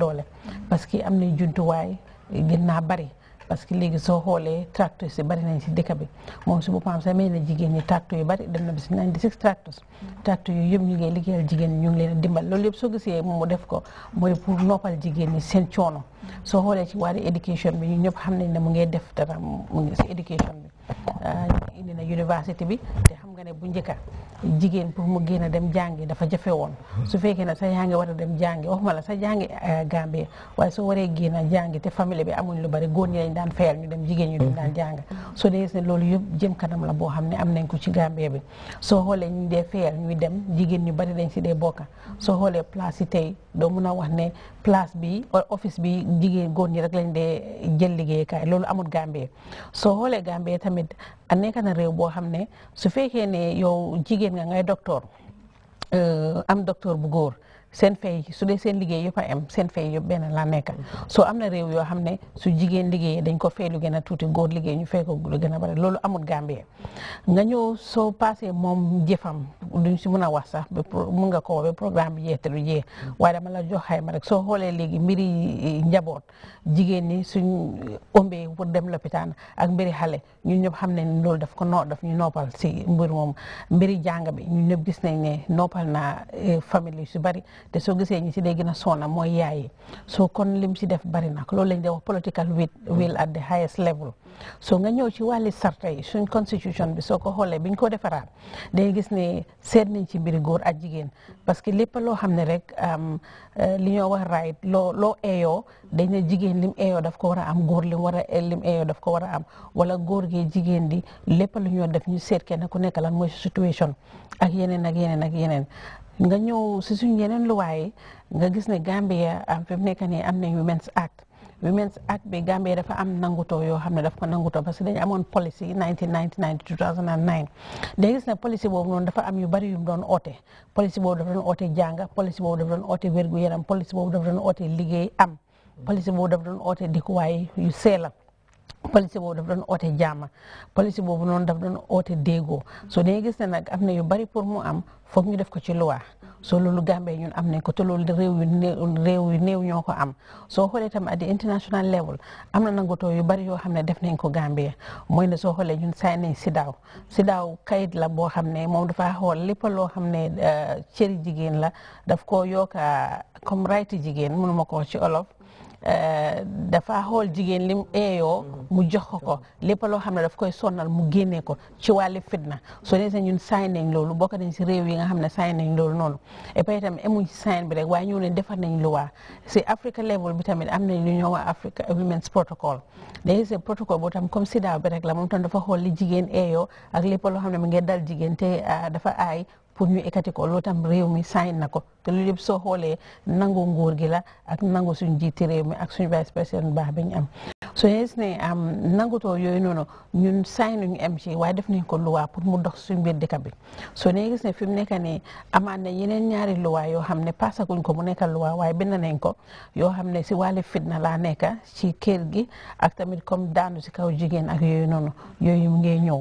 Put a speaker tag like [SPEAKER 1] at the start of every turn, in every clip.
[SPEAKER 1] doole parce que am na jumtuwaay gën naa bari parce que léegi soo xoolee tracteurs si bari nañ si dëkk bi moom si boppam sax may na jigéen ñi tracteurs yu bari dem na bi si 96 tracteurs tracteurs yooyu yëpp ñu ngi liggéeyal jigéen ñi ñu ngi leen dimbal loolu yëpp soo gisee moom mu def ko mooy pour noppal jigéen ñi seen coono soo xoolee si wàllu éducation bi ñu ñëpp xam nañ ne mu ngi def dara mu ngi si éducation bi ah, indi na université bi xam nga ne bu njëkka jigéen pour mu génn dem jàngi dafa jafe woon su fekkee ne sa yaa ngi war a dem jàngi waxuma la sa jàngi euh, Gambie waaye soo waree génn jàngi te famille bi amuñ lu bari góor ñi lañ daan fayal ñu dem jigéen ñu dem daan jàng so dee loolu yëpp jëm kanam la boo xam ne am nañ ko ci Gambie bi soo xoolee ñu dee fayal ñuy dem jigéen ñu bari dañ si de bokka soo xoolee place yi tey doo na wax ne place bi office bi jigéen góor ñi rek lañ dee jël liggéeykaay loolu amul Gambie soo tamit nekk na réew boo ne su fekkee ne yow jigéen nga ngay docteur euh, am docteur bu góor seen fay su dee seen liggéey yëpp a am seen fay yëpp benn laa nekk soo am na réew yoo xam ne su jigéen liggéeyee dañ ko fay lu gën a tuuti góor liggéey ñu fay ko lu gën a bari loolu amul Gambie nga ñëw soo passé moom jëfam duñ si mën a wax sax mun nga ko ba programme bi jeexte lu jeex waaye ma la jox xayma rek soo xoolee léegi mbiri eh, njaboot jigéen ñi suñ ombee pour dem lopitaan ak mbiri xale ñu ñëpp xam ne loolu daf ko noo daf ñu noppal si mbir moom mbiri jàng bi ñun ñëpp gis nañ ne noppal na eh, famille yu si bari te soo gisee ñi si dee gën a soona mooy yaay yi soo kon lim si def bari na loolu lañ de wax political will at the highest level so nga ñëw ci wàlli sarta yi suñ constitution bi soo ko xoolee biñ ko defaraat day gis ne seet nañ ci mbiri góor ak jigéen parce que lépp loo xam ne rek eh, li ñoo wax right loo loo eeyoo dañ ne jigéen lim eeyoo def ko war a am góor lim war a eh, lim eeyoo daf ko war a am wala góor gi jigéen di lépp lu ñoo def ñu seet kenn ku nekk lan mooy situation ak yenen ak yeneen ak yeneen nga ñëw si suñ yeneen luwaay yi nga gis ne Gambia am fi mu nekk nii am nañ Women's Act Women's Act bi Gambia dafa am nangutoo yoo xam ne daf ko nangutoo parce que dañu amoon policy 1999 2009 day gis ne policy boobu noonu dafa am yu bari yu mu doon oote policy boobu dafa doon oote jànga policy boobu dafa doon oote wérgu yaram policy boobu dafa doon oote liggéey am policy boobu dafa doon oote dikkuwaay yu seela policy boobu daf doon oote jàmm policy boobu noonu daf doon oote déggoo so dañuy gis ne nag am na yu bari pour mu am foog ñu def ko ci loi so loolu Gambie ñun am ne ko te loolu réew yu réew yu néew ñoo ko am soo xoolee tam at the international level am na nangutoo yu bari yoo xam ne def nañ ko Gambie mooy ne soo xoolee ñun saay nañ sidaaw sidaaw kayit la boo xam ne moom dafa xool lépp loo xam ne euh, cëri jigéen la daf ko yokka euh, comme right jigéen mënuma ko ci olof Euh, dafa xool jigéen li eeyoo mu jox ko ko lépp loo xam ne daf koy sonnal mu génnee ko ci wàllu fitna soo dee ñun sign nañ loolu bokk nañ si réew yi nga xam ne sign nañ loolu noonu et puis itam emuñ si sign bi rek waaye ñu ne defar nañ lu waa si Africa level bi tamit am nañ lu ñoo waa Africa Women's Protocol day se protocol bo tam comme sida bi rek la moom tam dafa xool li jigéen eeyoo ak lépp loo xam ne mu ngi dal jigéen te euh, dafa aay pour ñu ekkati ko loolu tam réew mi sign na ko te loolu yëpp soo xoolee nangu nguur gi la ak nangu suñu jiiti réew mi ak suñu vice président baax bi ñu am. so yes ne nangutoo yooyu noonu ñun sign nañu am si waaye def nañ ko luwaa pour mu dox suñu biir dëkk bi so ne gis ne fi mu nekk nii amaat na yeneen ñaari luwaa yoo xam ne paasaguñ ko mu nekkal luwaa waaye bind nañ ko yoo xam ne si wàllu fitna laa nekk si kër gi ak tamit comme daanu si kaw jigéen ak yooyu noonu yooyu mu ngi ñëw.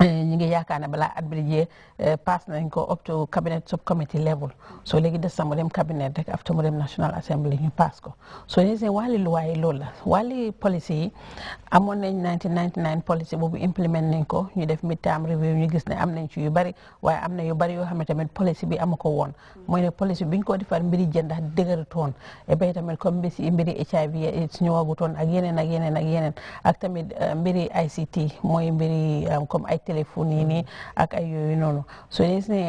[SPEAKER 1] ñu ngi yaakaar ne balaa at bi jeex eh, pass nañ ko up to cabinet subcommittee level so léegi des mu dem cabinet after mu dem national assembly ñu pass ko so léegi wàlli luwaa yi loolu la policy yi amoon policy boobu implement ko ñu def ne policy bi amu ko woon mooy mbiri jënd dëgëru toon e eh, bay tamit mbiri HIV AIDS ñëwagu toon ak yeneen ak yeneen ak yeneen ak tamit eh, mbiri ICT mooy mbiri comme téléphone yi nii ak ay yooyu so des ne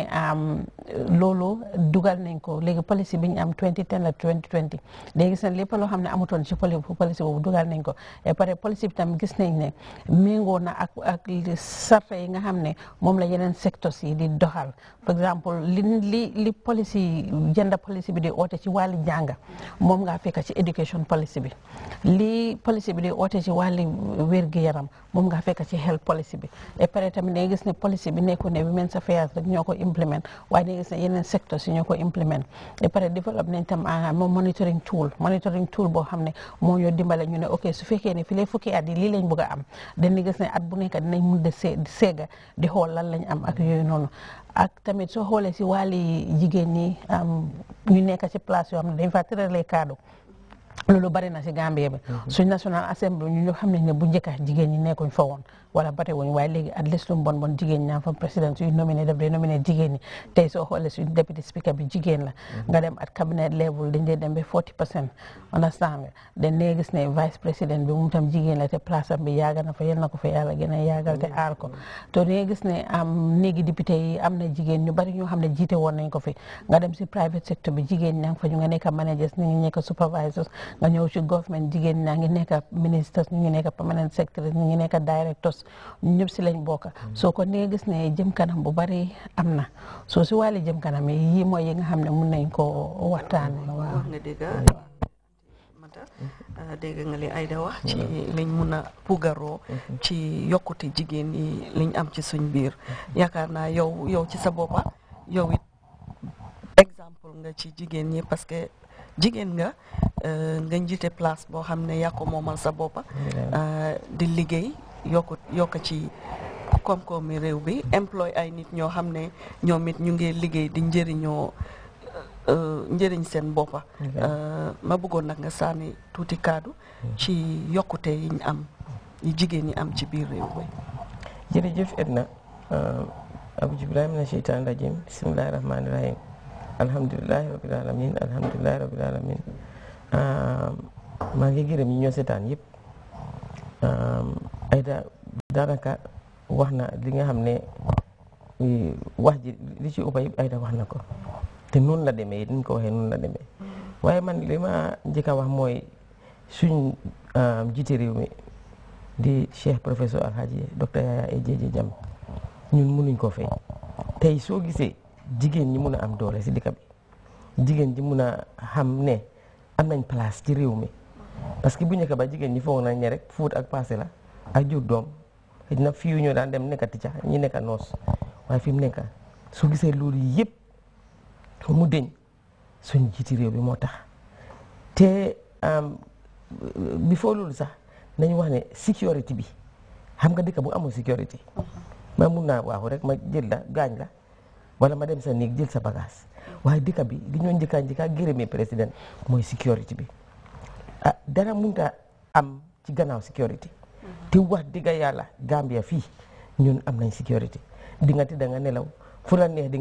[SPEAKER 1] loolu dugal nañ ko léegi policy bi ñu am 2010 la 2020 léegi gis nañ lépp loo xam ne amutoon ci policy boobu dugal nañ ko et pare policy bi tam gis nañ ne méngoo na ak ak sarta yi nga xam ne moom la yeneen secteurs yi di doxal par exemple li li li policy gender policy bi di oote ci wàlli jànga moom ngaa fekk ci education policy bi li policy bi di oote ci wàlli wér-gi-yaram moom ngaa fekk ci health policy bi et pare tamit day gis ne policy bi nekkul ne women's affairs rek ñoo ko implement waaye day gis ne yeneen secteurs yi ñoo ko implement ba pare développe nañ ah, monitoring tool boo xam ne moo ñoo dimbale ñu ne ok su ne fi lay fukki at yi lii lañ am dañuy gis ne at bu nekk dinañ mun de see di seega di xool lan lañ am ak yooyu noonu ak tamit soo xoolee si wàlli jigéen ñi ñu nekk ci place yoo xam ne dañ fa tëralee kaddu loolu bari na si Gambie bi mhm. suñ national assembly ñu ñoo xam ne ne bu njëkka jigéen ñi nekkuñ fa woon wala bate waaye léegi at least lu mu bon bon jigéen ñi naan fa président suñ nominé daf dee nominé jigéen ñi tey soo xoolee suñ député speaker bi jigéen la mhm. nga dem at cabinet level dañ dee dem ba 40 percent tam jigéen la te place am na fa yal na ko fa yàlla gën a yaagal te mhm. aar gis ne am néegi député yi am ñu bari ñoo xam ne jiite woon nañ ko fi nga dem si private sector bi jigéen ñi naan fa ñu nga nekk managers ñu ngi nekk supervisors nga ñëw ci government jigéen ñaa ngi nekk ministres ñu ngi nekk permanent secretaries ñu ngi nekk directors ñu ñëpp si leñ bokk. soo ko nee gis ne jëm kanam bu bari am na soo si wàlli jëm kanam yi yii mooy yi nga xam ne mun nañ koo waxtaan. Mm-hmm. waaw wax
[SPEAKER 2] nga dëgg mm-hmm. ah, dégg nga li Aida ci mm-hmm. liñ mun a pugaroo ci yokkute jigéen yi liñ am ci suñ biir yaakaar naa yow yow ci sa boppa yow it exemple nga ci jigéen ñi parce que jigéen nga Euh, nga njiite place boo xam ne yaa ko moomal sa boppa euh, di liggéey yokku yokk ci koom-koomi réew bi employé ay nit ñoo xam ne ñoom it ñu ngi liggéey di njëriñoo euh, njëriñ seen boppa ma bëggoon nag nga sànni tuuti kaddu mm. ci yokkute yiñ am yi jigéen ñi am ci biir réew bi jërëjëf Edna أعوذ بالله من الشيطان الرجيم بسم الله الرحمن الرحيم الحمد لله رب العالمين الحمد لله رب Euh, maa ngi gërëm ñi ñoo seetaan yëpp ayda da daanaka wax na li nga xam ne wax ji li si ëpp yëpp ay wax na ko te noonu la demee ni ko waxee noonu la demee waaye man li ma njëkk a wax mooy suñ euh, jiite réew mi di cheikh professeur alhaji docteur Yaya AJJ Jammeh ñun mënuñ ko fay tey soo gisee jigéen ñi mun a am doole si dëkk bi jigéen ji mun a xam ne am nañ place ci réew mi parce que bu njëkk ba jigéen ñi foog nañ ne rek fuut ak passé la ak jur doom xëy na fii ñoo daan dem nekka ticca ñi nekka noos waaye fi mu nekka su gisee loolu yëpp mu deñ suñ jiiti réew bi moo tax te bi foo loolu sax nañu wax ne sécurité bi xam nga dëkk bu amul sécurité maa mun naa waaxu rek ma jël la gaañ la wala ma dem sa néeg jël sa bagage waaye dëkk bi li ñoo njëkkaa njëkkaa gërëmee président mooy sécurité bi ah dara munta am ci gannaaw sécurité te wax dëgg yàlla Gambia fii ñun am nañ sécurité di nga tëdd nelaw fu la neex di